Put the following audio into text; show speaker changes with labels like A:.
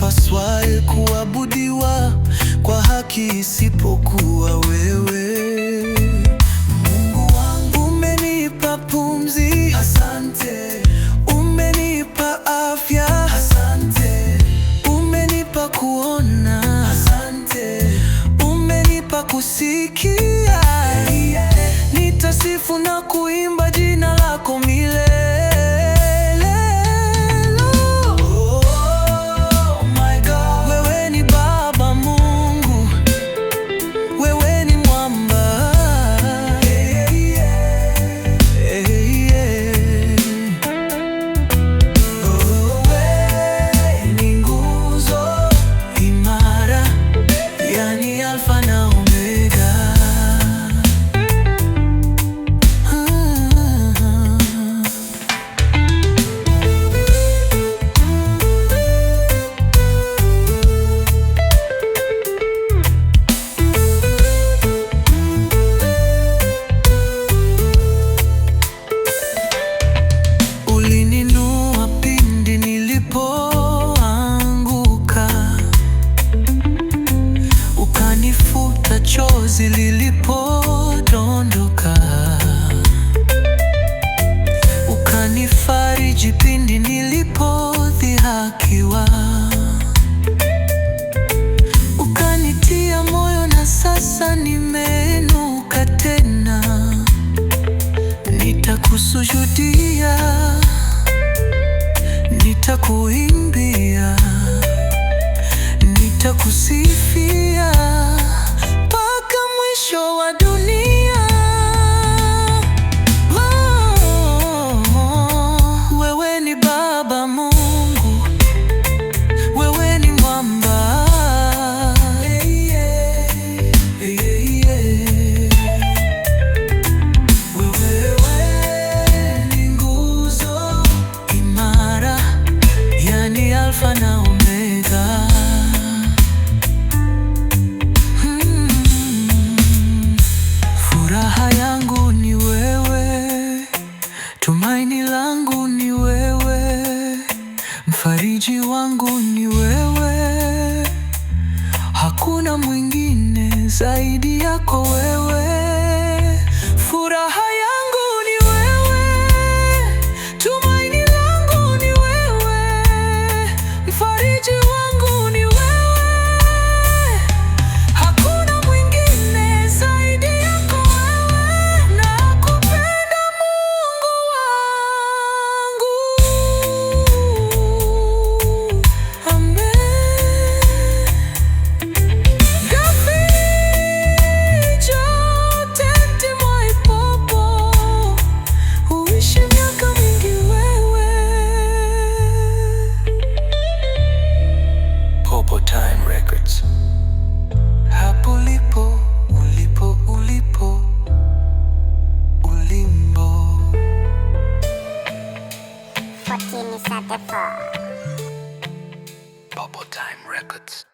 A: paswai kuabudiwa kwa haki isipokuwa wewe. Mungu wangu, umenipa pumzi,
B: asante.
A: Umenipa afya,
B: asante.
A: Umenipa kuona,
B: asante.
A: Umenipa kusikia, nitasifu na kuimba chozi lilipodondoka, ukanifariji pindi nilipodhihakiwa, ukanitia moyo na sasa nimeinuka tena, nitakusujudia, nitakuimbia, nitakusifia Tumaini langu ni wewe, mfariji wangu ni wewe, hakuna mwingine zaidi yako wewe.
C: Platini Satefa.
D: Bubble Time Records.